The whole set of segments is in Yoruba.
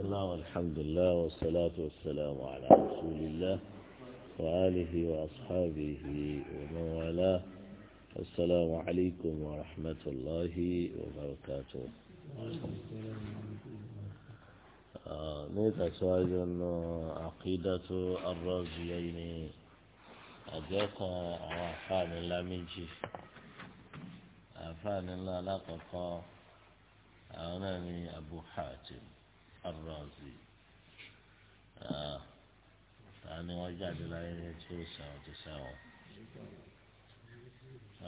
بسم الله والحمد لله والصلاة والسلام على رسول الله وآله وأصحابه ومن والاه السلام عليكم ورحمة الله وبركاته نيتا سواجه أنه عقيدة الرازيين أجاك وعفان الله منجي عفان الله لقفا أنا أبو حاتم Ar-Razi ah, ta ni wọ́n jáde láyé ní tí ó sẹ́wọ̀n tó sẹ́wọ̀n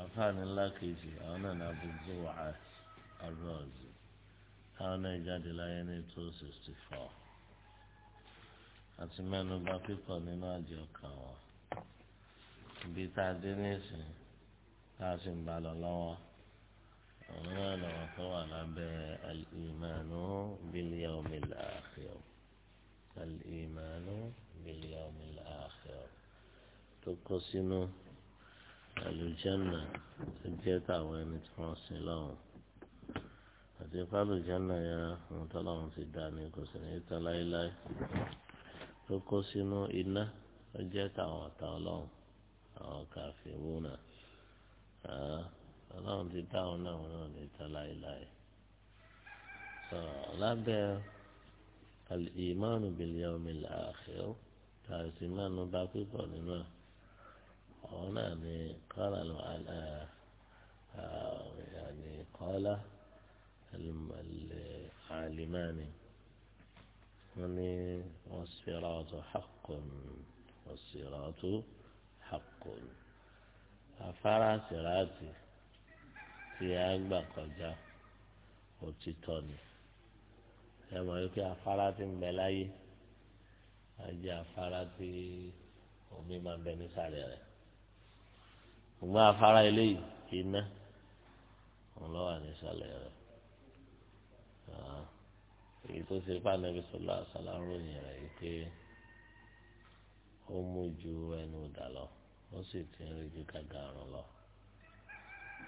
àfáàní ńlá kejì àwọn náà ní Abu Zu'ah Ar-Razi táwọn náà jáde láyé ní two sixty four àti mẹ́nubà pípọ̀ nínú àjọ kan wọn ibi tá a dé nísìn tá a sì ń balọ̀ lọ́wọ́ òun náà lọ́wọ́ tó wà lábẹ́ al-iman. الإيمان باليوم الآخر تقسم الجنة تجيتا وين تفاصل لهم àtìpálù jẹ́nà ya àwọn tọ́lọ́run ti dá ní kò sí ní tán láéláé tó kó sínú iná ó jẹ́ tàwọn ọ̀tá ọlọ́run àwọn kàfíwó náà ah, ọlọ́run ti dá àwọn náà wọn náà ní tán láéláé sọ lábẹ́ الإيمان باليوم الآخر كاسمان باقي قولنا هنا يعني قال على يعني قال العالمان يعني والصراط حق والصراط حق أفرى صراطي في أكبر قجا وتتوني ẹ mọ̀ wípé afárá ti ń bẹ láyé ajé afárá ti omi máa ń bẹ nísàlẹ̀ rẹ̀ ṣùgbọ́n afárá eléyìí iná òun ló wà nísàlẹ̀ rẹ̀ ah, èyí tó ṣe pa nàbí sọlá àṣàlá ròyìn rẹ̀ wípé ó mú ju ẹnu ìdà lọ ó sì ti ń rí ju gàgà àrùn lọ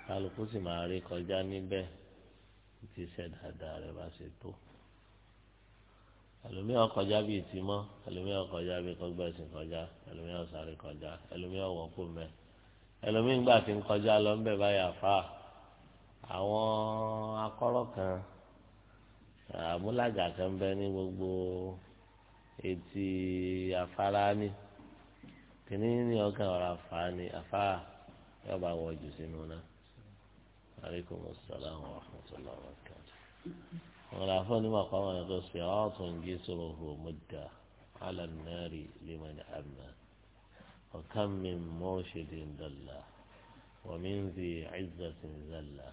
kálukú sì máa rí kọjá níbẹ̀ tí iṣẹ́ dáadáa rẹ̀ bá ṣe tó ẹlòmíràn kọjá bíi tìmọ́ ẹlòmíràn kọjá bíi kọgbẹ́sìn kọjá ẹlòmíràn sáré kọjá ẹlòmíràn wọ́pò mẹ́ ẹlòmíràn gbà tí ń kọjá lọ ń bẹ̀ báyà fà àwọn akọ́rọ́ kan àmúlàjà kan bẹ ní gbogbo etí afárá ni kìnní ní ọkàn ọ̀rọ̀ afá ni afá yóò bá wọ jù sínú náà. aleykum salaam wa rahmatulah wọn là fún onímọ̀ àpamọ́ yẹn tó ṣe ọ́ tó ń gé sọ̀rọ̀ hù mọ́jà alàmìnárì lèmọ̀nì àmà ọ̀kan mi mọ́ṣẹ́dì ńdọ̀là wọ́n ń di ẹ̀zẹ̀tì ńzẹ̀là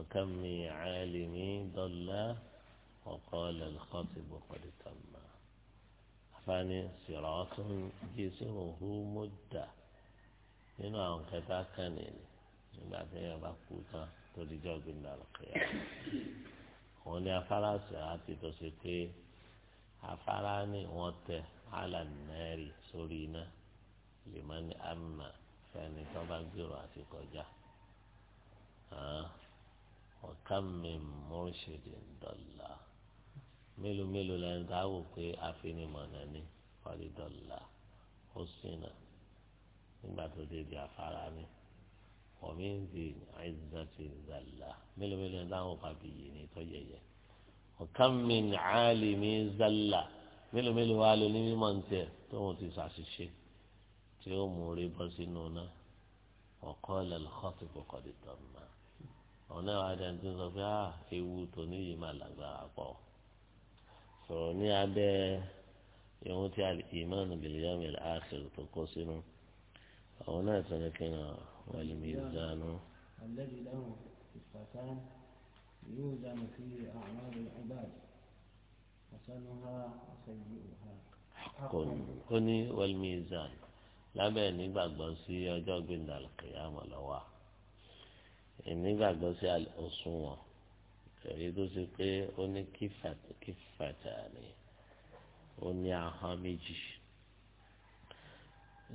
ọ̀kan mi àlìmí ńdọ̀là ọ̀kọ́ lẹ́lẹ́kọ́ ti bọ̀ pẹ̀lú tàmà. afáàní sọ̀rọ̀ tó gé sọ̀rọ̀ hù mọ́jà nínú àwọn kẹta kan nìyẹn nígbà tí yẹn bá kú tán tó dijọ́ gbìndàlùkẹ́yà òun ni afárá sàátì tó ṣe pé afárá ni wọ́n tẹ alànàárì sórí iná lèmọ́ni àmà fẹ́ni tó bá gbèrò àti kọjá ọ̀kan mi mọ́ṣẹ̀dẹ̀ dọ̀là mélòó mélòó lẹ́yìn tá a wò pé afinimọ̀nà ni kọ́lí dọ̀là ó sínà nígbà tó dé di afárá ni ọ̀mí ń di àìsàtì zàlà mélòó mélòó ní táwọn fàbí yìí ní tọ́jú ẹ̀yẹ ọ̀kan mi ní àálì mi zàlà mélòó mélòó wà lóní mímọ́ ní tiẹ̀ tóun ti ṣàṣìṣe tí ó mú orí bọ́ sínú náà ọ̀kọ́ lẹ́lọ́kọ́tì kò kọ́ di tọ́ mọ́ ọ̀nà àdàn tó sọ pé ah ewu tòní yìí máa lágbára pọ̀ sọ̀rọ̀ ní abẹ́ ìhun tí al-iman bil yawmil akhir tó kó sínú àwọn náà والميزان الذي له قصتان يوزن فيه أعمال العباد حسنها وسيئها حق قني والميزان lábẹ́ ìnígbàgbọ́ sí ọjọ́ gbẹ̀ndà kìyàmọ̀ lọ́wọ́ ìnígbàgbọ́ sí òṣùwọ̀n èyí tó ṣe pé ó ní kífàtà ni ó ní ahọ́n méjì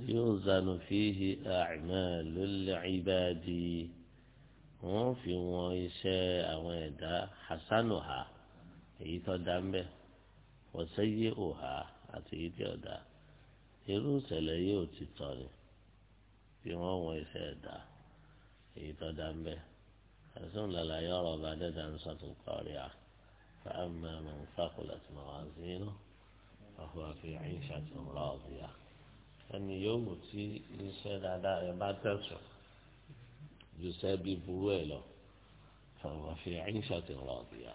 yuzanu fihi a'malul ibadi wọ́n fi wọn iṣẹ́ àwọn ẹ̀dá hasanuha èyí tó dá ń bẹ wọsẹyẹ òhà àti èyí tí ọdá irú ìṣẹ̀lẹ̀ yóò ti tọ ni bí wọ́n wọn iṣẹ́ ẹ̀dá èyí tó dá ń bẹ ẹsùn làlàyé ọ̀rọ̀ bá dẹdà ń sọ tó kọrí à fáwọn mẹ́rin fàkùlẹ tí wọ́n wá sí inú ọkọ àfi àyíṣà yá ẹni yòówù tí iṣẹ́ dáadáa rẹ̀ bá tẹ̀sùn ju sẹ́bi burú ẹ̀ lọ fọwọ́ fi ẹ̀yìnṣẹ́ ti rọ̀ ọ̀dìyà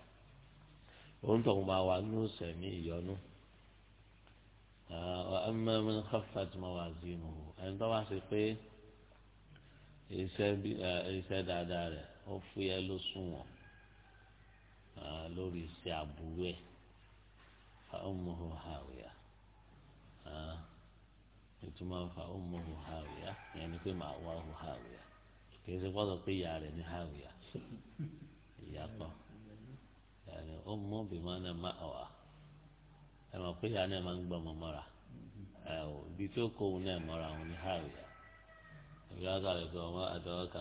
òun tó ń bá wa ní sẹ̀mí ìyọnu ẹ̀mẹ́ mi kọ́fà tí mo sí inú ẹni tó wá sí pé iṣẹ́ dáadáa rẹ̀ ó fúyẹ́ ló sunwọ̀n lórí iṣẹ́ àbúrú ẹ̀ ọmọ hàwíyà. ìtumọ̀ fa ọmọ hùhàwìyà ìyẹn ni ma awa wá hùhàwìyà kìí ṣe gbọ́dọ̀ pé ìyá rẹ̀ ní hàwìyà ìyá pọ̀ ìyàní ọmọ bímọ náà má ọ̀wà ẹ mọ̀ pé ìyá náà máa ń gbọ́ ọmọ mọ́ra ẹ ibi tó òun náà mọ́ra òun ní ìgbà ọmọ kà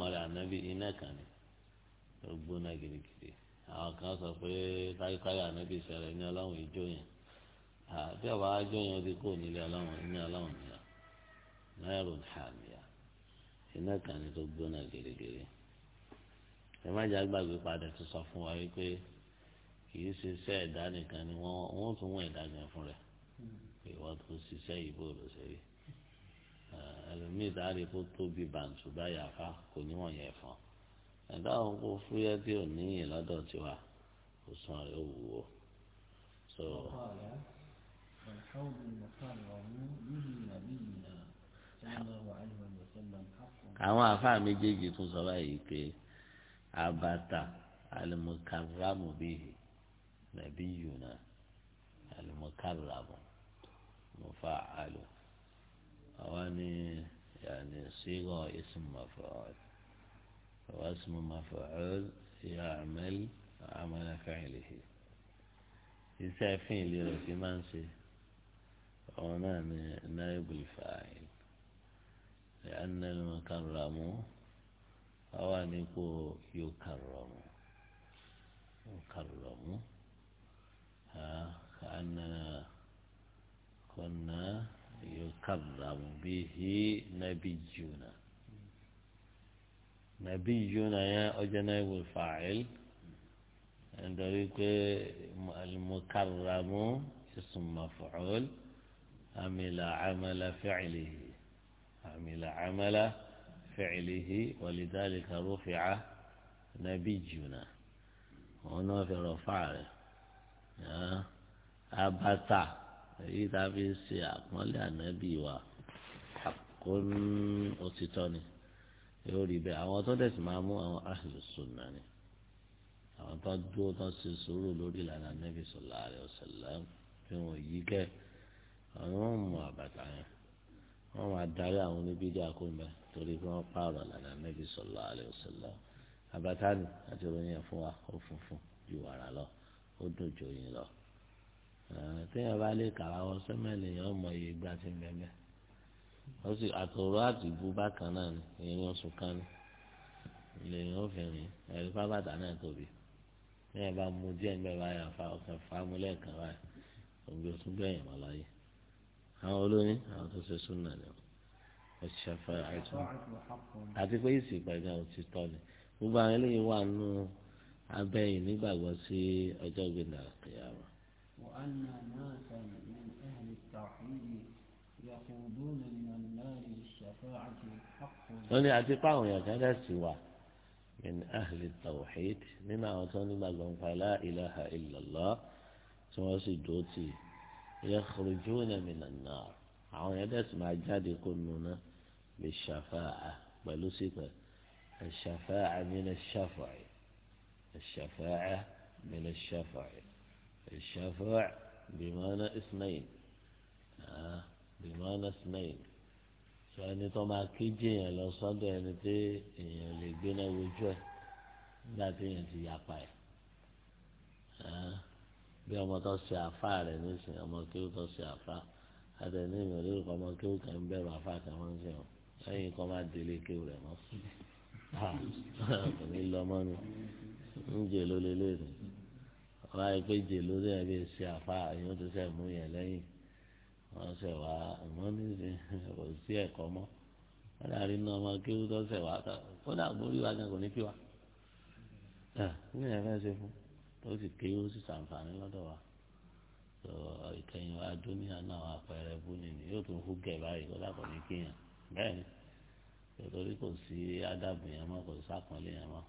mọ́ra iná kan gidigidi àwọn kan sọ pé káyọ̀káyọ̀ ní ọlọ́run yẹn bí ọba ajọ́ yẹn ti kó nílé aláwọn ní aláwọn nìyà náírà hàmìyà iná kan ní tó gbóná gèrègèrè ẹ má jà gbàgbé padà ti sọ fún wa wípé kì í ṣiṣẹ́ ẹ̀dá nìkan ni wọ́n wọ́n tún wọ́n ẹ̀dá gan fún rẹ̀ ìwọ́n tó ṣiṣẹ́ ìbò rẹ̀ sẹ́yìn ẹlòmíì dáre kó tóbi bàǹtù báyà fa kò níwọ̀n yẹn fún ẹ̀dá òun kó fúyẹ́ tí ò níyìn lọ́dọ̀ tiwa kò sàn rẹ̀ ó So, فالحوض المحرم به نبينا صلى الله عليه وسلم حق àwọn àfáà méjèèjì tún sọ báyìí pé abata alimukaramu bihi nabiyuna alimukaramu mufaalu àwọn ni yàní sígọ ism mafuul واسم مفعول يعمل عمل فعله يسافين لرسمان سيه هو نائب نعم، الفاعل لأن المكرم أوانيك يكرم يكرم ها كأننا كنا يكرم به نبينا نبينا يا أجنب الفاعل عند المكرم اسم مفعول عمل عمل فعله عمل عمل فعله ولذلك رفع نبينا هنا في رفعه أبتا èyí tá a fi ṣe àpọ́nlé ànábì wa àkóń òtítọ́ ni yóò rí bẹ́ẹ̀ àwọn tó dẹ̀ sì máa mú àwọn ahlu sunna ni àwọn tó dúró tó ṣe sùúrù lórí ìlànà ànábì sallallahu alaihi wasallam fi wọn yí kẹ́ẹ́ àwọn wọn mú àbàtà yẹn wọn máa darí àwọn oníbíjà kó mbẹ torí pé wọn pààrọ̀ lànà nẹbi sọlọ alẹ ọsọlọ àbàtà ni àti oyin yẹn fún wa ó funfun ju wàrà lọ ó dùn ju oyin lọ téèyàn bá lè kàrà wọn sẹmẹlì yẹn ọmọ iye gbà ti mẹmẹ ó sì àtòrò àtìbú bákan náà ni ìyẹn oṣù kan ni lèyìn ó ẹ̀rí fábàtà náà tóbi téèyàn bá mu díẹ̀ ń bẹ̀ báyà fa ọ̀kan fámúlẹ̀ kan báyà òun ló tún gbẹ̀yìn mọ́ láyé àwọn olóyún àwọn tó ṣe súnà ni ọ̀ṣẹ́fà àti àti pé ìsìnkú ẹ̀dá òtí tọ́ ni gbogbo àwọn eléyìí wà nù abẹ́yìn nígbàgbọ́ sí ọjọ́ gbẹ̀dà kìyàwó. wọ́n ní àti pàwọn èèyàn kan dẹ̀ sì wà min ahli tawhid nínú àwọn tó nígbàgbọ́ nípa la ilaha illallah tí wọ́n sì dúró tì í. يخرجون من النار عون يدس ما جاد يقولون بالشفاعة بل صفة الشفاعة من الشفع الشفاعة من الشفع الشفع بمعنى اثنين بمعنى اثنين يعني طبعا كيجي لو صدى يعني تي اللي بينا وجوه ذات يعني تي يعقاي bí ọmọ tó ṣe àfa rẹ̀ nísìn ọmọ kí ó tó ṣe àfa àtẹ̀ní ìmọ̀ lórí kọ́ ọmọ kí ó kàn ń bẹ̀rù àfa kan wọ́n ń ṣe wọn lẹ́yìn kọ́ máa délé kí ó rẹ̀ mọ́ kò ní lọ mọ́ ni ń jè ló lélẹ̀ ni ọba yìí pé jè ló dé ẹbí ṣe àfa èèyàn tó ṣe mú yẹn lẹ́yìn wọ́n ṣe wá ìmọ̀ nísìn kò sí ẹ̀kọ́ mọ́ wọ́n dàrí iná ọmọ kí ó tó ṣe wá kódà mórí wa gan kò ní kí wa ní ẹ̀fẹ́ ṣe fún ó sì ké yóò sì ṣàǹfààní lọ́dọ̀ wa tó ìkẹyìn wa dúníà náà àpẹẹrẹ búni ni yóò tún fún báyìí kódà kò ní kéèyàn bẹ́ẹ̀ ni nítorí kò sí ádàbò yẹn mọ́ kò sí sàpọ́nlé yẹn mọ́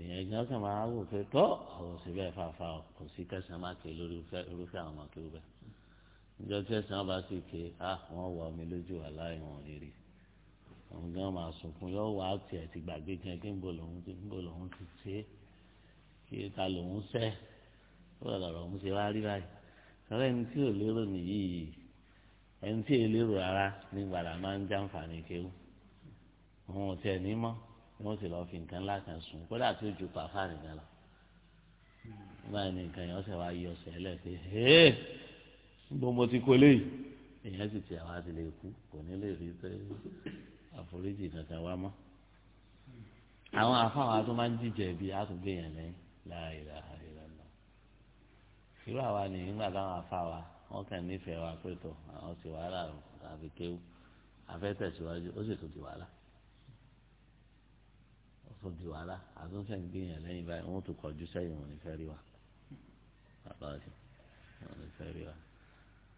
èèyàn ìgbà kan máa wò pé tọ́ àwọn òṣèlú ẹ̀ fàáfàá o kò sí kẹsàn-án má ké lórí irúfẹ́ àwọn ọmọ bẹ́ẹ̀ níjọ́ tí ẹ̀sán bá sì ké à wọ́n wọ omi lójú aláì wọn ò ní rí òun gan máa sunkún yóò wá tiẹ̀ ti gbàgbé jẹ́ kí ń bò lòun ti ṣe é kí ta lòun sẹ́ ó lọ́rọ̀ òun ṣe wá rí báyìí ọ̀rẹ́ ẹni tí ò lérò nìyí ẹni tí ò lérò rárá ní gbàdá máa ń jàǹfààní kéwù òun ò tiẹ̀ ní mọ́ ni wọ́n ti fi nǹkan ńlá kan sùn kódà tí ó ju pàfà nìkan lọ báyìí ni nǹkan yẹn ọ̀sẹ̀ wá yí ọ̀sẹ̀ ẹ̀ lẹ́sẹ̀ ẹ́ẹ́ níbo mo ti kó léyìí èèyàn sì ti àwọn àti lè kú kò ní lè rí pé àforíjì kankan wá mọ́ àwọn afáwọn tó máa ń jíjẹ bíi àtúgbé yẹn láìlà ìlànà irú àwa ni nígbà táwọn afá wa wọn kàn nífẹ̀ẹ́ wa pé tó àwọn ti wàhálà àfi kéwù afẹ́ tẹ̀síwájú ó sì tún di wàhálà ó tún di wàhálà àtúnṣe ń gbìyànjú lẹ́yìn báyìí wọn tún kọjú sẹ́yìn wọn ní fẹ́ rí wa bàbá ọ̀sìn wọn ní fẹ́ rí wa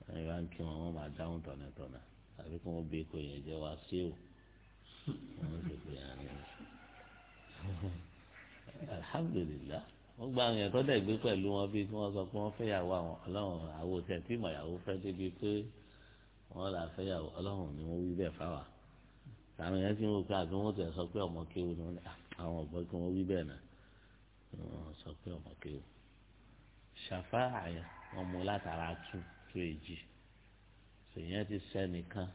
ẹni bá ń kí wọn wọn máa dáhùn tọ̀nàtọ̀nà àbí kí wọn bí kò yẹn jẹ́ wa sí o wọn sì pè é àná alhamdulilayi wọ́n gba àwọn èèyàn tó pẹ̀lú wọn bíi tí wọ́n sọ pé wọ́n fẹ́yàwó àwọn ọlọ́run àwo tẹ̀ tí ìmọ̀yàwó fẹ́ débi pé wọ́n là fẹ́yàwó ọlọ́run ni wọ́n wí bẹ́ẹ̀ fáwà àwọn èèyàn ti ń wò pé àbí wọ́n tẹ̀ sọ pé ọmọ kéwu ni ah, àwọn ọ̀gbọ́n tí wọ́n wí bẹ́ẹ̀ náà wọ́n sọ pé ọmọ kéwu ṣàfà àyà wọn látara tún tó èjì ṣèyàn ti sẹ́nìkan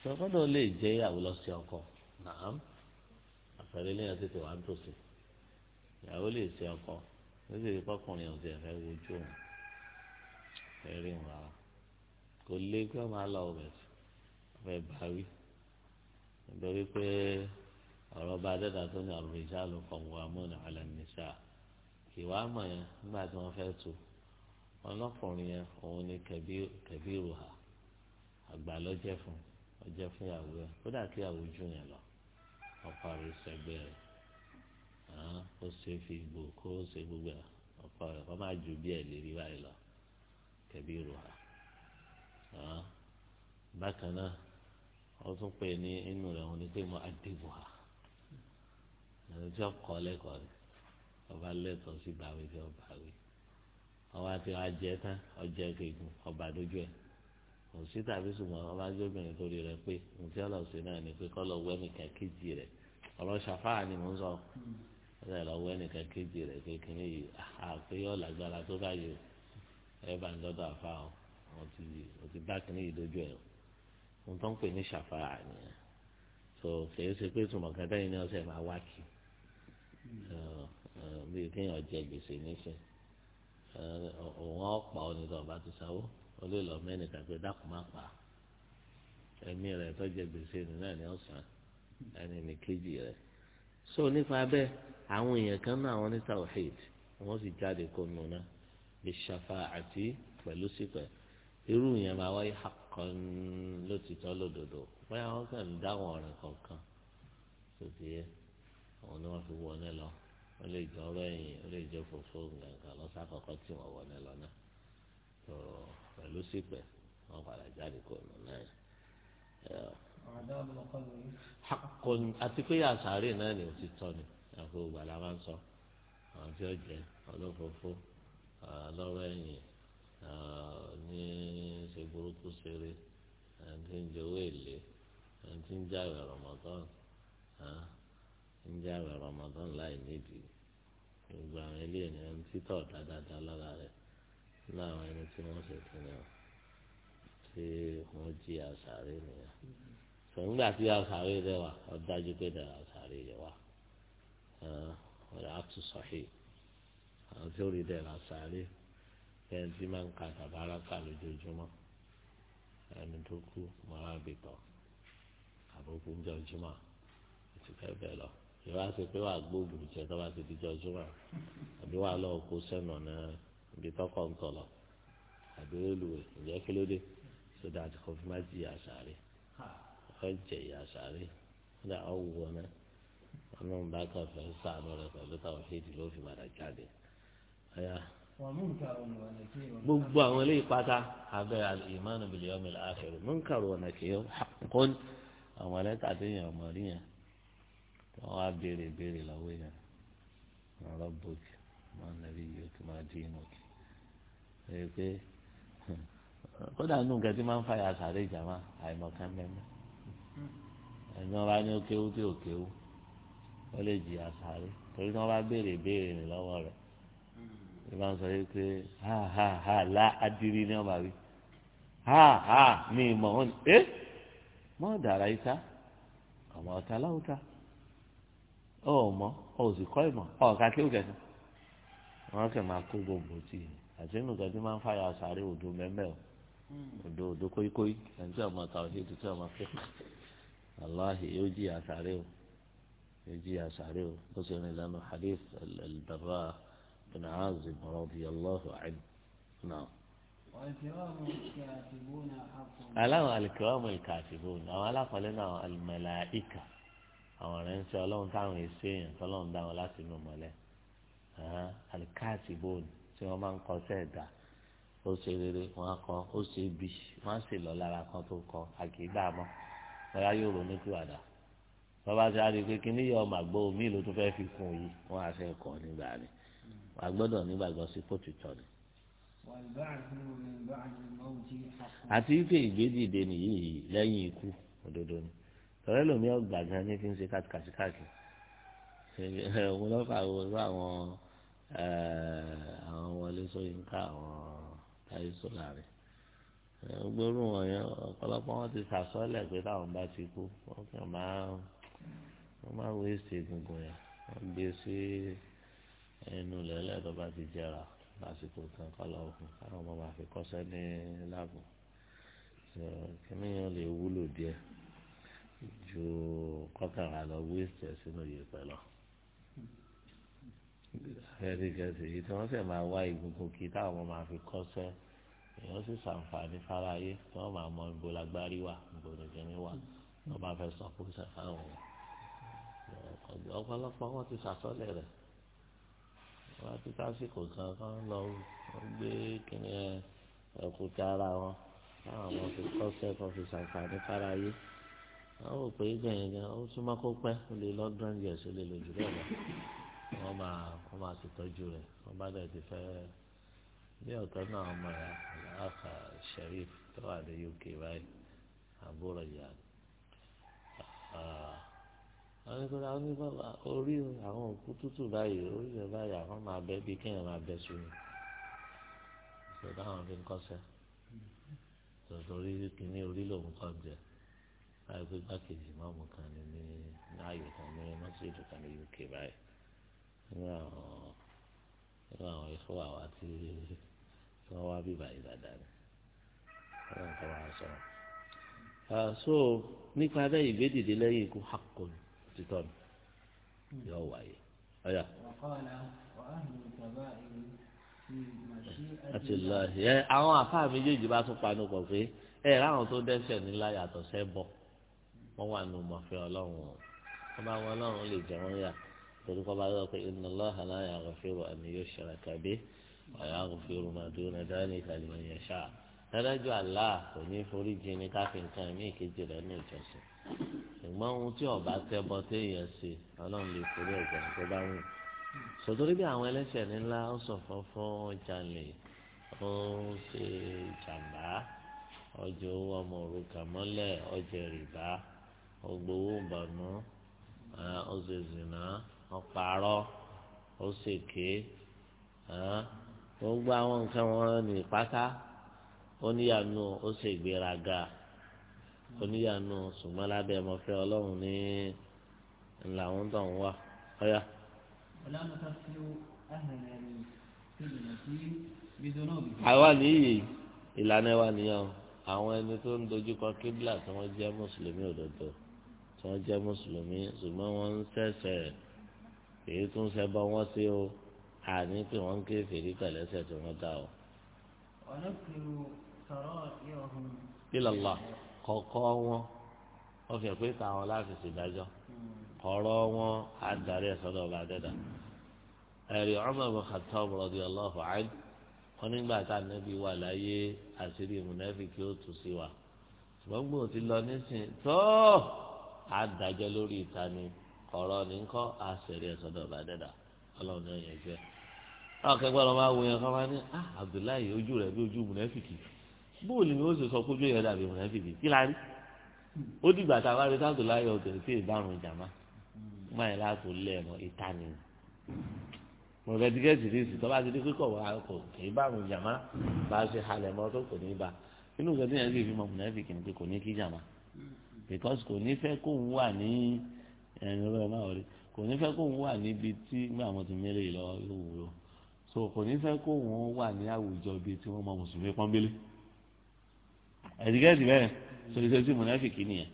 sọ fọ́dọ̀ lè jẹ́ ìyàwó ìyàwó lè ṣe ọkọ lójú ìdí pọkùnrin ọ̀sẹ̀ fẹ́ wojú òun fẹ́ rí òun rárá kò lé kí wọ́n máa lọ ọbẹ̀ sí ọbẹ̀ bá wí nítorí pé ọ̀rọ̀ bá dẹ́ta tó ní ọ̀rọ̀ ìṣá ló kọ̀ wọ́n amóhùn àlẹ́ nìṣá ìwà àmọ̀ yẹn nígbà tí wọ́n fẹ́ tu ọlọ́kùnrin yẹn òun ni kẹ̀bíìrù hà àgbà lọ́jẹ́ fún ọjẹ́ fún ìyàwó yẹn kódà kí ìyàwó jù yẹn lọ ọkọ Ah, ó ṣe fi gbò kó ó ṣe gbogbo ọkọ rẹ̀ kó má ju bí ẹ̀ lè rí báyìí lọ kẹbí rò ha ah, bákan náà ó tún pè ní inú rẹ̀ òun ni pé mo adébò ha ẹni tí ọkọ lẹ́kọ̀ọ́ rẹ̀ ọba lẹ́tọ̀ọ́ sí bàwí tí ọba wí ọba tí wàá jẹ tán ọjẹ kegun ọba dojú ẹ̀ òsì tàbí sùnmọ́ ọba jóbìnrin torí rẹ̀ pé ohun tí náà ni pé kọ́ lọ wẹ́nìkan kejì rẹ̀ ni mò ń sọ ẹ lọ wọ ẹnìkan kejì rẹ kékeré yìí àpéyọ làgbára tó báyìí ẹ bá ń dọdọ àfa o wọ́n ti bá kínní yìí dójú ẹ̀ o n tó ń pè ní ṣàfàrà nìyẹn so kìí ṣe pé ìtumọ̀ kan bẹ́ẹ̀ ni ọ̀sẹ̀ máa wá kí bíi kéèyàn jẹ gbèsè níṣẹ́ òun ọ̀pá onídọ̀ bá ti sáwó ó lè lọ mẹ́nìkan pé dákun má pa ẹ̀mí rẹ̀ tó jẹ gbèsè nínú ẹ̀ ní ọ̀sán ẹni ní kejì rẹ̀ so nípa bẹ́ẹ̀ àwọn èèyàn kan náà àwọn ní tawhid wọ́n sì jáde kó nù náà lè ṣàfà àti pẹ̀lú sípẹ̀ irú yẹn máa wáyé àkàn lótìtọ́ lódodo báyà wọ́n kàn ń dáwọn ọ̀rìn kọ̀ọ̀kan sòtì yẹ àwọn ni wọ́n fi wọlé lọ wọ́n lè jọ ọ̀rọ̀ ẹ̀yìn wọ́n lè jọ fòfó nǹkan lọ́sà kọ̀ọ̀kan tí wọ́n wọlé lọ náà tó pẹ̀lú sípẹ̀ wọ́n padà jáde kó nù náà yẹn. àti pé àṣàrí náà ni òtítọ́ ni ẹ̀kọ́ ògbà máa ń sọ àwọn tí ó jẹ ọlọ́fọ̀fọ́ ọlọ́wọ́ ẹ̀yìn ní ṣe burúkú ṣeré ẹni tí ń jẹ èlé ẹni tí ń jáwé Ramadan ń jáwé Ramadan láì nídìí gbogbo àwọn eléyìí ni ẹni títọ̀ dáadáa lára rẹ̀ láwọn ẹni tí wọ́n ṣe kí ni ọ tí wọ́n jí àṣàrí nìyẹn sọ̀ngbà tí àṣàrí rẹ wà ọ̀dájú pé dàrá àṣàrí rẹ wà. والعكس صحيح àtòrí dẹ̀ la sáré lẹ́yìn tí máa ń ka tàbáraka lójoojúmọ́ ẹni tó kú mọ́ra bìtọ̀ àbókù ń jọjúmọ́ àti kẹ́bẹ̀ lọ. ìwà ṣe pé wàá gbóògùn jẹ tó bá ti di jọjúmọ́ àbí wàá lọ kó sẹ́nà náà ibi tọ́kọ̀ ń tọ̀ lọ àbí olùwẹ̀ ìjẹ́ kí ló dé sódà àti kọfí má jìyà sáré ọ̀jẹ̀ ìyà sáré ó dà ọ̀ wù ọ náà ọlọ́run bá kà fẹ́ sàánú rẹ pẹ̀lú táwọn fèèdì ló fi padà jáde. gbogbo àwọn ilé ìpátá abẹ́ ìmánu bìlẹ̀ ọmọ ilẹ̀ àfẹ́rù múnkàrú ọ̀nà kì í kún àwọn ẹlẹ́ta tó yàn ọmọ rí yàn tí wọ́n á béèrè béèrè lọ́wọ́ yàn ọ̀rọ̀ bòkì máa ń lẹ́rí yìí ó ti máa dín inú kì í pé kódà nù nǹkan máa ń fàyà sàré ìjàmá àìmọ̀kan ẹ̀yìn ọ̀rá ni ó kéwú tí ò kéwú ó lè jìyà sáré torí tí wọ́n bá béèrè béèrè ní lọ́wọ́ rẹ̀ ní bá sọ pé ha ha ha la adiri ní ọba wí ha ha ni ìmọ̀ ọ́n ẹ́ eh, mọ́ dàrá ìta ọmọ ọ̀tá láwùjá ọ̀ mọ́ ọ̀ sì kọ́ ìmọ̀ ọ̀ ká kí ó kẹta wọ́n kẹ́ máa kó gbogbo tì í àti nínú kan tí máa ń fàyà sáré odò mẹ́mẹ́ o odò odò kóíkóí ẹni tí ọmọ tàwọn ṣe ti tí ọmọ fẹ́ aláhi yóò jìyà sáré o. يجي أسعره مثلا لأنه حديث البراء بن عازب رضي الله عنه نعم aláwọn alikiramu ìkàtìbùn àwọn alákọọlẹ náà alimẹlẹ́ìkà àwọn ìrẹsì ọlọ́run táwọn èsì èèyàn tọ́lọ́run dáwọn láti inú mọ́lẹ̀ alikàtìbùn tí wọ́n máa ń kọ sẹ́ẹ̀dá ó ṣe rere wọ́n á kọ ó ṣe bí wọ́n á sì lọ lára kan tó kọ àkìdá mọ́ ọ̀yá yóò ronú kúrò àdá bàbá ti á rí i pé kí níyà ọmọ àgbọ̀ omi ló tún fẹ́ẹ́ fi kún yìí wọ́n á fẹ́ kọ́ nígbà ni wàá gbọ́dọ̀ nígbàgbọ́ sí kóòtù tọ́ ni. àti wípé ìgbédìde nìyí lẹ́yìn ikú òdodo ni tọ́lẹ́ lòmí ọgbà gan ni fi ń ṣe káàkiri káàkiri òun lọ́fà wọlé àwọn àwọn wọlé sóyínká àwọn táyé sólà rẹ̀ gbórùn wọn yẹn ọ̀pọ̀lọpọ̀ wọn ti sàsọ́lẹ̀ pé táwọn bá ti kú wọ́n kàn máa ń wọ́n máa wọ èsì egungun yẹn wọ́n gbé sí ẹnu lẹ́lẹ́ tó bá ti jẹrà lásìkò kan kọ́lá òkun káwọn ọmọ máa fi kọ́sẹ́ ní láàbù kíní yẹn lè wúlò díẹ̀ ju kọ́kàrà lọ wọ èsì ẹ̀ sínú yèèpẹ̀ lọ fẹ́ẹ́rì gẹ̀ẹ́sì yìí tí wọ́n sì máa wá egungun kí táwọn ọmọ máa fi kọ́sẹ́ èèyàn sì ṣàǹfààní fáráyé tí wọ́n máa mọ ìbò lágbárí wà ìbò nìkíní wà wọ́n bá fẹ́ sọ fún ìṣàfáwọn wọn ọ̀pọ̀lọpọ̀ wọn ti sàsọ́lẹ̀ rẹ̀ wọ́n ti tásìkò kan kan lọ gbé kíni ẹ̀kúta ara wọn káwọn ọmọ fi kọ́sẹ́ kan fi ṣàǹfààní fara yé wọ́n rò pé gbẹ̀yìn gan ó súnmọ́ kó pẹ́ ó lè lọ́dún ẹ̀jẹ̀ sí lè lò jù bẹ́ẹ̀ lọ wọ́n máa wọ́n máa ṣètọ́jú rẹ̀ wọ́n bá dẹ̀ ti fẹ́ bí ọ̀tọ́ náà ọmọ rẹ̀ aláàkà Sherif tó wà ní UK báyìí àbúrò ìyá rẹ̀ àwọn ìkọlá wọn ní bàbá orí àwọn òkú tútù báyìí orí rẹ báyìí àwọn máa bẹ bíi kéèyàn máa bẹ sùnú ìṣẹ̀dá àwọn fi ń kọ́sẹ̀ tòtòrí kìíní orí lòun kọ́ jẹ láìpẹ́ gbákejì mọ́mù kan ní ní ààyè kan ní mọ́sídìí kan ní UK báyìí nínú àwọn nínú àwọn ìfọ́ àwa tí wọ́n wá bí báyìí dáadáa ni wọ́n ń kọ́ wa sọ. Ah, so nípa bẹ́ẹ̀ ìgbédìde lẹ́yìn ikú hakọ̀ títọ́ ni yóò wáyé. ọ̀yà. àti lọ ẹ àwọn àfa méjèèjì bá tún panu pọ̀ pé ẹ ráwọn tó dẹ́ṣẹ̀ nílá yàtọ̀ sẹ́ bọ̀ wọ́n wà nù mọ̀fẹ́ ọlọ́run o wọ́n bá wọn ọlọ́run lè jẹ́ wọ́n yà torí kọ́ bá yọ pé inna Allaha la yaghfiru an yushraka bihi wa yaghfiru ma duna dhalika liman yasha' dáadájú àlá kò ní forí jìn ní káfíńtàn ní ìkejì rẹ̀ ní ìjọsìn ṣùgbọ́n ohun tí ọba tẹ́bọ téèyàn ṣe ọlọ́run lè forí ẹ̀jẹ̀ tó bá wù. sòtórí bí àwọn ẹlẹ́sẹ̀ ńlá ó sọ̀fọ́ fún ọjàlè ó ṣe ìjàmbá ọjọ́ owó ọmọ òrùka mọ́lẹ̀ ọjọ́ rìbá ọgbowó bànú ọ̀ṣẹ̀ṣìnà ọ̀parọ́ ọ̀ṣèké gbogbo àwọn nǹkan wọn ní pátá ó níyanu ó ṣègbéraga oníyanu ṣùgbọ́n lábẹ́ ẹ̀mọ́fẹ́ ọlọ́run ní ńlá wọn tó ń wá ọ̀yà. àwa nìyí ìlànà wa nìyẹn àwọn ẹni tó ń dojúkọ kíbla tí wọ́n jẹ́ mùsùlùmí òdodo tí wọ́n jẹ́ mùsùlùmí ṣùgbọ́n wọ́n ń ṣẹ̀ṣẹ̀ èyí tó ń ṣe bọ́ sí o àní pé wọ́n ń ké fèrè pẹ̀lẹ́sẹ̀ tí wọ́n dá o. ọ̀nà kìlọ̀ sọ̀rọ̀ ìlọ̀hún. ìlọ̀lá kọ̀ọ̀kọ́ wọn wọ́n fi hàn pé táwọn láti ṣèdájọ́ ọ̀rọ̀ wọn á darí ẹ̀sọ́ lọ́wọ́ bá dẹ́dà. ẹ̀rí Umar bin Khattab radiyallahu anhu wọn nígbà tá ànábì wà láyé àṣírí mùnáfíkì ó tù sí wa ṣùgbọ́n gbòò ti lọ nísìn tó á dájọ́ lórí ìta ni ọ̀rọ̀ ní kọ́ á ṣẹ̀rí ẹ̀sọ́ lọ́wọ́ bá dẹ́dà ọlọ́run ní ọ̀yẹ́ fẹ́. ọ̀kẹ́gbọ́n ọmọ àwòyàn máa ní Abdullahi ojú rẹ̀ bí ojú mùnáfíkì bóò ni ó sì sọ pé ojú ìyẹn dàbí mùnàfíkì kí la rí ó dìgbà tá a bá rí sáàtò láyọ̀ ọ̀tẹ̀ sí ìbárun ìjàmá máa yẹn láàtò lẹ́ẹ̀mọ́ ìtàní mọ̀lẹ́ tíkẹ́ẹ̀tì rí sí tọ́ba ti dé kíkọ̀ wá kò kì í bárun ìjàmá bá a ṣe halẹ̀ mọ́ tó kò ní bá inú ìgbà tí yẹn lè fi mọ mùnàfíkì ni kò ní kí ìjàmá because kò ní fẹ́ kóun wà ní ẹ̀rín ọlọ́run máa wọlé kò ní fẹ́ kóun wà níbi tí ẹ̀dígẹ́dì bẹ́ẹ̀ sọ̀rọ̀ sí mùnáfìkì nìyẹn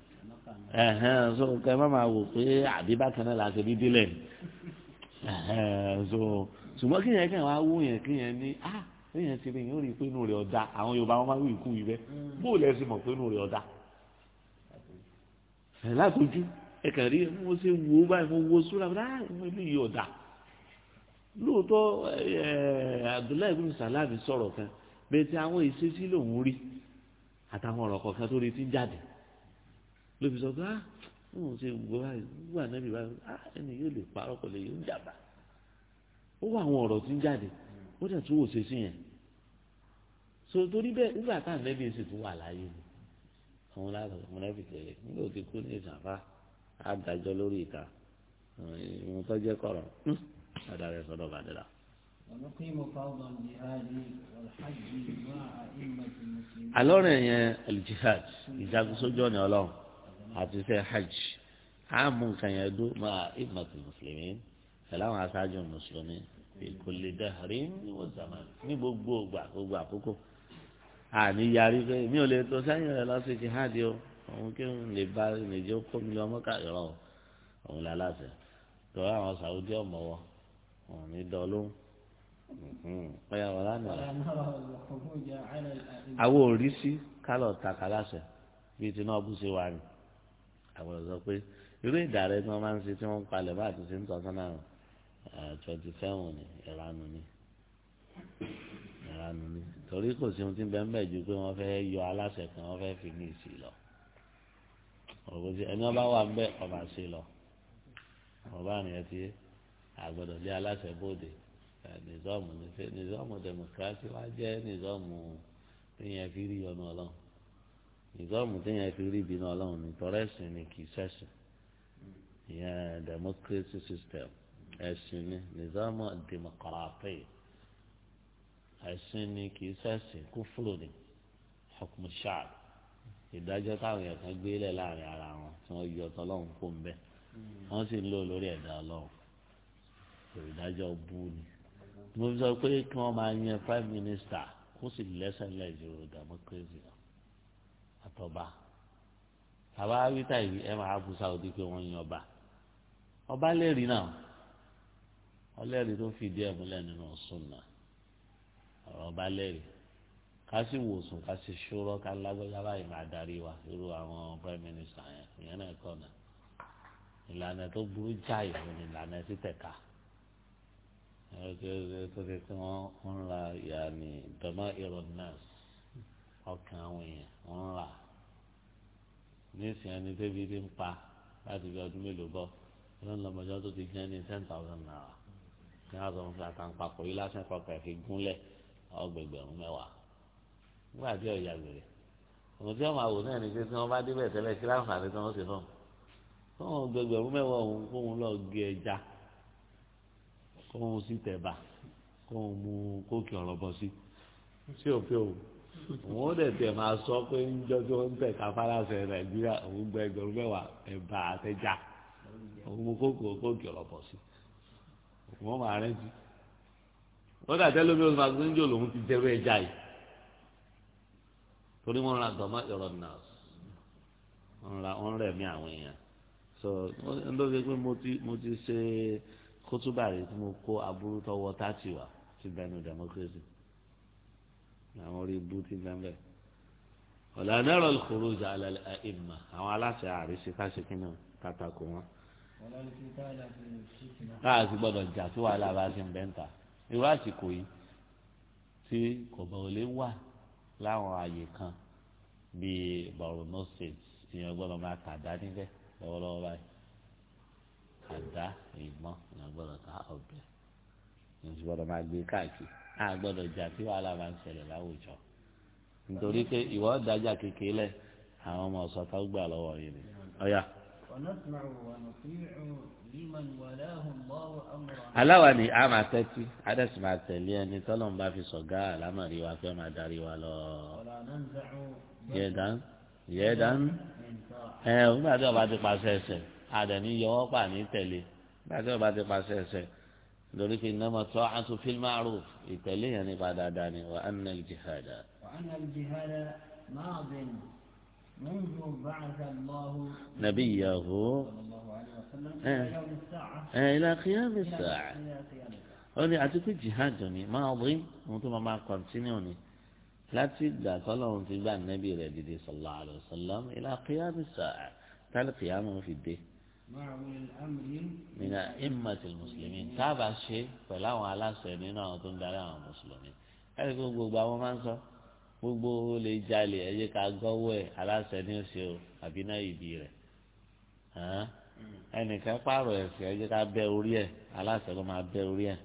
ẹ̀hẹ́n so kẹ́ má máa wò pé àbí bákan náà láti bí délẹ̀ ẹ̀hẹ́n so ṣùgbọ́n kí yẹn kẹ́ wá wú yẹn kí yẹn ní ah yẹn ti rí yẹn ó rí i pé inú rẹ̀ ọ̀dà àwọn Yorùbá wọn máa wí ikú yìí bẹ́ẹ̀ bóò lẹ́ sì mọ̀ pé inú rẹ̀ ọ̀dà látọjú ẹ kàn rí mo ṣe wo báyìí mo wo súra báyìí ah, ọ̀dà lóòótọ́ Abdullahi bin Salam sọ̀rọ̀ kan bẹ́ẹ̀ tí àwọn ìṣesí lòun rí àtàwọn ọ̀rọ̀ kọ̀ọ̀kan tó retí ń jáde ló fi sọ pé ah wọn ò ṣe gbogbo báyìí gbogbo ànábì báyìí ah ẹni yóò lè parọ́ kọ̀ lè yóò ń jàmbá ó wá àwọn ọ̀rọ̀ tí ń jáde ó dẹ̀ tún wò ṣe sí yẹn so torí bẹ́ẹ̀ nígbà tá ànábì sì tún wà láàyè ni àwọn aláàbò mọ̀lẹ́bí tẹ̀lé nígbà tí kú ní ìsànfà àdájọ́ lórí ìta ìwọ̀n tó jẹ́ kọ̀rọ̀ hmm, padà sọ́dọ̀ bàdẹ́là. ونقيم فرض الجهاد والحج مع أئمة المسلمين ألون الجهاد إذا سجون ألون هذا حج عام كان يدو مع أئمة المسلمين سلام أساجي المسلمين في كل دهر وزمان ní gbogbo ìgbà gbogbo àkókò àní yarí pé mi ò lè tó sẹ́yìn rẹ̀ lọ́sẹ̀ jihad o òun kí n lè bá lè jẹ́ kó mi lọ́mọ́ kàrọ̀ òun lálàsẹ̀ tó àwọn sàwùdí ọ̀mọ̀wọ́ òun ní dán lóhùn ọ̀yà wàrà nà. àwọn òrìṣì kálọ̀ takaláṣẹ bíi tinubu ṣe wà ní àwọn ọ̀sọ́ pé irú ìdàrẹ́ tí wọ́n máa ń ṣe tí wọ́n ń palẹ̀ bá àti ṣe ń tọ́sán náà twenty seven ni ìranu ni ìranu ni torí kò sí ohun tí ń bẹ ń bẹ̀ ju pé wọ́n fẹ́ yọ aláṣẹ kan wọ́n fẹ́ fi ní ìsì lọ òkòtì ẹni ọba wà ń bẹ ṣe lọ ọba nìyẹn ti àgbọ̀dọ̀ lé aláṣẹ bóde nìzọ́ọ̀mù nífẹ̀ẹ́ nìzọ́ọ̀mù dẹmọkírásì wa jẹ́ nìzọ́ọ̀mù téèyàn fi rí ọ̀nà ọlọ́run nìzọ́ọ̀mù téèyàn fi rí ìbínú ọlọ́run nìtọ́rọ̀ ẹ̀sìn ni kì í ṣẹ̀sìn ìyẹn democracy system ẹ̀sìn ni nìzọ́ọ̀mù dẹmọkírásì ẹ̀sìn ni kì í ṣẹ̀sìn kúfúrò ni hukmu sha'ab ìdájọ́ táwọn èèyàn kan gbélé láàrin ara wọn tí wọ́n yọ tọ́lọ́run kó ń bẹ́ wọ́n sì ń lò lórí ẹ̀dá ọlọ́run ìdájọ́ bú ni mo sọ pé kí wọ́n máa yan prime minister kó sì lẹ́sẹ̀ ńlẹ̀ ìṣòro democracy àtọ́ba àbá wíta yìí ẹ máa bu Saudi pé wọ́n yan ọba ọba lẹ́rìí náà ọlẹ́rìí tó fìdí ẹ̀ múlẹ̀ nínú sunna ọ̀rọ̀ ọba lẹ́rìí ká sì wòsàn ká sì ṣòro ká lágbájá báyìí máa darí wa irú àwọn prime minister yẹn ìyẹn náà kọ̀ náà ìlànà tó burú jáì ìlànà títẹ̀ka. Si tọ́jú pé ń la yàní dọ́mọ́ ìrọ̀ nọ́ọ̀sì ọkàn àwọn èèyàn ń la nísìnyẹn ni débi ń pa láti fi ọdún mélòó bọ́ lọ́nà lọ́mọdé tó ti jẹ́ ní ten thousand naira ní wọ́n fún mi àtàǹpà kò lásán kọkàn fi gúnlẹ̀ ọgbẹgbẹ̀rún mẹ́wàá nígbà tí ọ̀yà gbèrè òun tí wọ́n máa wò náà ni pé tí wọ́n bá débẹ̀ tẹ́lẹ̀ kí láǹfààní tí wọ́n ṣe fún un fún gbẹgbẹ̀rún mẹ́wàá òun kóun lọ gé ẹja kó wọn sí tẹ̀bà kó wọn mú kókì ọ̀rọ̀ bọ̀ sí sí òfin òun wọn ó dẹ̀ tẹ̀ máa sọ pé ń jọ tí wọ́n ń tẹ̀ káfárásẹ̀ nàìjíríà òun gba ẹgbẹ̀rún mẹ́wàá ẹ̀bà àtẹ̀já òun mú kókì kókì ọ̀rọ̀ bọ̀ sí wọ́n máa rẹ́jú wọ́n dà tẹ́lẹ̀ mi ò máa gbé ń jò lòun ti jẹ́rú ẹja yìí torí wọ́n ra dọ̀mọ́ ìrọ̀ náà wọ́n rẹ̀ mí àwọn èèyàn so ń lọ sí pé mo ti ṣe kótóbà rẹ̀ tí mo kó aburú tọwọ́ tààtì wá ti bẹnu democracy àwọn orí ibú ti bẹ́ẹ̀ bẹ́ẹ̀ ọ̀làdà rọ̀ lùkúrú ìjà àlàlẹ́ ìmọ̀ àwọn aláṣẹ àríṣe káṣíkínà kàtàkùn wọn káàsì gbọ́dọ̀ jà tó wà lára ṣe ń bẹ́ ń ta irú àsìkò yìí tí kọ̀bọ̀ ò lè wà láwọn àyè kan bíi Borno state ìyẹn gbọ́dọ̀ máa kà níbẹ̀ lọ́wọ́lọ́wọ́ báyìí àdá ìbọn èèyàn gbọ́dọ̀ ká ọ̀bẹ èèyàn sì gbọ́dọ̀ máa gbé káàkiri jà tí wàhálà máa ń ṣẹlẹ̀ láwùjọ nítorí pé ìwọ dájà kékeré lẹ àwọn ọmọ tó gbà yìí ni aláwa ni a máa tẹ́tí adẹ́sì máa tẹ̀lé ẹni fi sọ̀gá àlámọ̀rí wa fẹ́ àdàní yọwọ́ pà ní tẹ̀lé gbàtí ọba ti pàṣẹ ẹsẹ̀ lórí fi nàmọ tó àtún fil ma'ruf ìtẹ̀lé yẹn nípa dáadáa ni wà á nà jihada. wà á nà jihada máa bẹ̀ منذ بعث الله نبيه إلى قيام الساعة ó ní àti pé jihad ni máa rí ohun tó máa máa kọ́ntínú ni láti ìgbà tọ́lọ́run ti gbà nẹ́bí rẹ̀ dìde sallallahu alaihi wasallam ila qiyam من ìmọ̀tì المسلمين. táàbà ṣe pẹ̀lú àwọn aláṣẹ nínú àwọn tó ń darí àwọn mùsùlùmí ẹ̀rí kó gbogbo àwọn máa ń sọ gbogbo ó lè jalè ẹ jẹ́ ká gọ́wọ́ ẹ̀ aláṣẹ ní oṣù o àbí náà ìdí rẹ̀ ẹnìkan pààrọ̀ ẹ̀sìn ẹ jẹ́ ká bẹ́ orí ẹ̀ aláṣẹ ló máa bẹ́ orí ẹ̀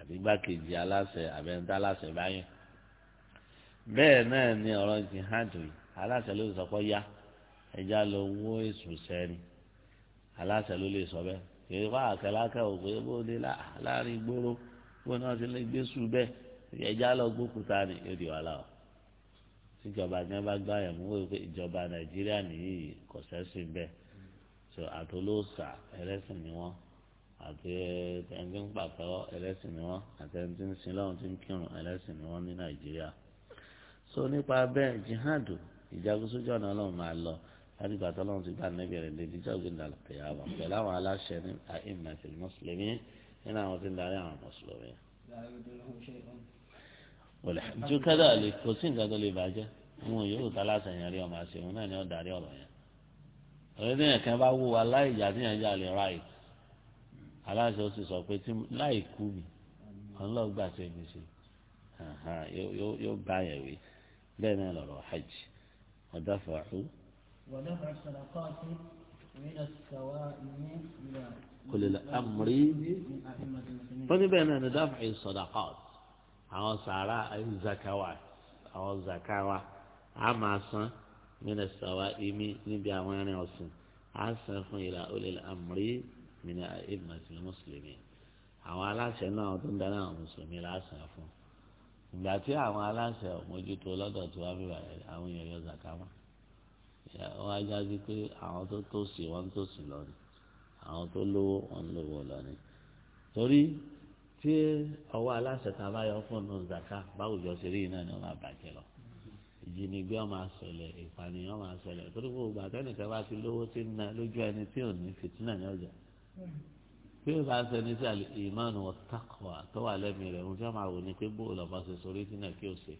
àbí gbákejì aláṣẹ àbẹ̀ntà aláṣẹ báyẹn bẹ́ẹ̀ náà ni ọ̀rọ̀ jihad aláṣẹ ló sọ pé yá ẹja lọ wó èsùn sẹ́ni aláṣẹ ló lè sọ bẹ́ẹ̀ kì í wá àkàlákà ò pé bó lè láàrin gbòòrò bó náà ti lè gbé sùn bẹ́ẹ̀ ẹja lọ gbókúta ni èdè wàhálà o tíjọba ní bá gbá yẹn mú wípé ìjọba nàìjíríà nìyí kò sẹ́sìn bẹ́ẹ̀ so àtolóòsà ẹlẹ́sìn ni wọ́n àti ẹni tí ń pàtẹ́wọ́ ẹlẹ́sìn ni wọ́n àti ẹni tí ń sin lọ́run tí ń kírun ẹlẹ́sìn ni wọ́n ní nàìjíríà so nípa bẹ́ẹ̀ jihadu ìjagunsójú ọ̀nà ọlọ́run máa lọ láti gbà tọ́lọ́run ti bá nẹ́bí rẹ̀ lè díjọ́ gbé ńlá kẹyà wọn pẹ̀lú àwọn aláṣẹ ní àìmọ̀tì mùsùlùmí nínú àwọn tí ń darí àwọn mùsùlùmí. ju kẹ́dà lè kò sí nǹkan tó lè bàjẹ́ mú yóò ta láti ẹ̀yàn rí ọmọ àṣẹ òun náà ni ó darí ọ̀rọ̀ yẹn. ọ̀rẹ́ ní ẹ̀kẹ́ bá wú wa láì ìjà tí yẹn já lè ra ì aláṣẹ ó sì sọ pé láì kú mi ọlọ́gbà ṣe mi ṣe yóò bá yẹn wí bẹ́ẹ̀ náà lọ̀rọ̀ hajj ọ̀dáfàá ودفع الصدقات من السوائم إلى كل الأمر فنبين أن دفع الصدقات أو سعراء الزكوات أو الزكاوة أما أصلا من السوائم نبي أواني أصلا أصلا إلى أولي الأمر من أئمة المسلمين àwọn aláṣẹ náà tó ń dáná àwọn mùsùlùmí lásán fún ìgbà tí àwọn aláṣẹ ò mójútó tí wọ́n fi wà àwọn èèyàn yọ zàkámà wọ́n á já sí pé àwọn tó tòṣì wọ́n tòṣì lọ ni àwọn tó lówó wọ́n lówó lọ ni torí tí ọwọ́ aláṣẹ tá a bá yọ fún un zaka báwùjọ ṣe rí iná ni wọ́n máa bàjẹ́ lọ ìjínigbé ọmọ àṣẹlẹ̀ ìpànìyàn ọmọ àṣẹlẹ̀ torí gbogbo àtẹnìkan bá ti lówó tí ń lójú ẹni tí ò ní fìtínà ní ọjà bí o bá sẹni sí àlè ìmánu ọ̀tàkọ̀ àtọ́wà lẹ́mìí rẹ̀ ohun tí wọ́n máa wò ni pé bóòlù ọba ṣe sọ orí dínà kí o ṣe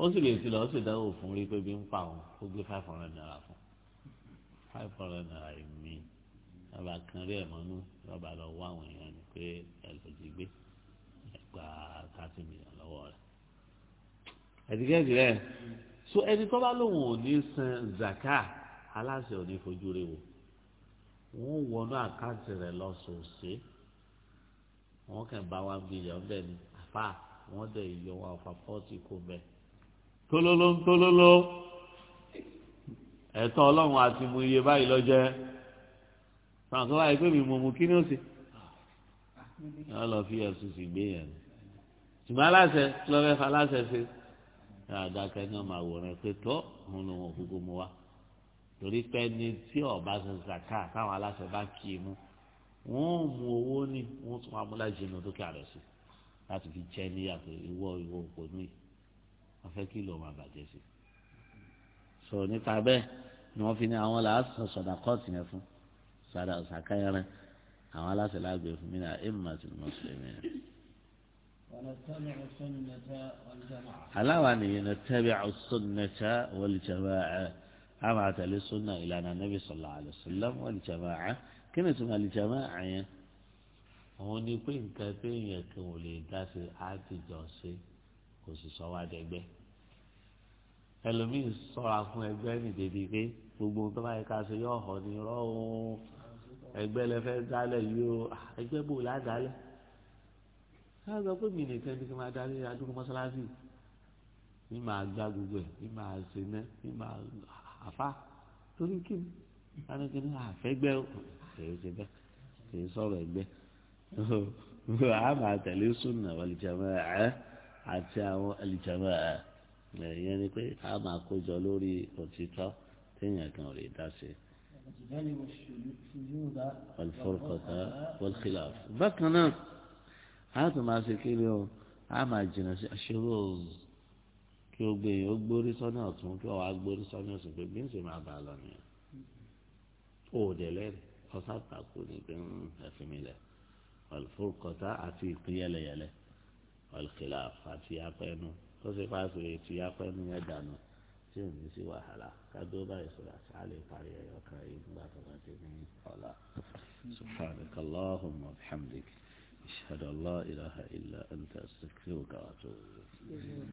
ó sì lè ti lọ ó sì dáwọ́ fún rí pé bí ń pa òun ó gbé five hundred naira fún five hundred naira èmi bàbá kan rí ẹ̀mọ́nú bàbá lọ wá àwọn èèyàn ni pé ẹ̀lọ́ ti gbé ẹ̀gbà thirty million lọ́wọ́ rẹ̀ ẹ̀dígẹ́dì rẹ̀ so ẹni tó bá lóun ò ní san zaka aláṣẹ ò ní fojú rẹ̀ wò wọ́n wọnú àkáǹtì rẹ̀ lọ́sọ̀ọ̀sẹ̀ wọ́n kàn bá wa bílíọ̀n bẹ́ẹ̀ ni àfa wọ́n dẹ̀ yọ wọn àfa pọ́ọ̀tì kó bẹ́ẹ̀ tólóló ń tólóló ẹ̀tọ́ ọlọ́run àti mu iye báyìí lọ́jẹ́ fàǹkó wáyé pé mi mò mú kí ni ó sì yọ lọ fi ẹ̀sùn sì gbé yẹn ṣùgbọ́n aláṣẹ kí lọ́ọ́ fẹ́ fa aláṣẹ ṣe àdàkẹ́ náà máa wòran pé tó òun lòun ò gbogbo mu wa torí pé ní tí ọba ṣe zaka táwọn aláṣẹ bá kì í mú wọn ò mú owó ní wọn tún amúlájẹ ní dúkìá rẹ sí láti fi jẹ níyàtọ̀ ìwọ ìwọ òpó yìí wọ́n fẹ́ kí ìlú ọmọ àbàjẹ́ sí so nípa bẹ́ẹ̀ ni wọ́n fi ní àwọn làásùn sọ̀dà kọ́ọ̀tù yẹn fún sọ̀dà ọ̀sàkà yẹn rẹ̀ àwọn aláṣẹ lágbè fún mi náà emma ti mùsùlùmí rẹ̀. aláwa nìyẹn na tẹ́bi ọ̀sùn nẹ́tà wọ́n lè jẹ́ báyà á máa tẹ̀lé sunna ìlànà nàbì sallallahu alaihi wasallam kí ni tuma lè yẹn. òun ni nǹkan pé èèyàn kan ò lè dá sí àtijọ́ sí kò sì sọ wá dẹgbẹ́ ẹlòmíín sọra fún ẹgbẹ́ nìde bíi pé gbogbo tó bá yẹ ká ṣe yọ ọ̀họ́ ni irọ́ òun ẹgbẹ́ lẹ́fẹ́ dálẹ̀ yìí ó ah, ẹgbẹ́ bò ládàálẹ̀ ká sọ pé mi nìkan ni kí n máa darí adúgbò mọ́sálásì mi máa gbá gbogbo ẹ̀ mi máa ṣe ná mi máa àfa torí kí ni wọn kí ni àfẹ́gbẹ́ kìí ṣe bẹ́ẹ̀ kìí sọ̀rọ̀ ẹgbẹ́ a máa tẹ̀lé sunnah wal jamā'ah àti àwọn alìjàmọ́ ẹ̀ ìyẹn ni pé a máa kójọ lórí òtítọ́ téèyàn kan ò lè dá sí. alifọ́rọ̀kọ̀tà wọ́lkìlá bákan náà a tún máa ṣe kí ni o a máa jìnnà sí aṣọ́rọ̀ kí o gbé yín ó gbórí sọ́nà ọ̀tún kí ọ̀wá gbórí sọ́nà ọ̀sìn pé bí ń sì máa bá a lọ nìyẹn. ó dẹ̀ lẹ́rìí ọ̀sán àtàkùn ní pé ń ẹ̀fìn mi lẹ̀ alifọ́rọ̀kọ̀tà àti ìpínyẹlẹyẹlẹ alkhilaf àti apẹnu tó sì pàṣẹ ti apẹnu yẹn dànù tí ò ní sí wàhálà kádó báyìí sọ̀rọ̀ àti àlè parí ẹ̀yọ kan yìí nígbà tó bá ti ní ọ̀la. سبحانك اللهم وبحمدك أشهد أن لا إله إلا أنت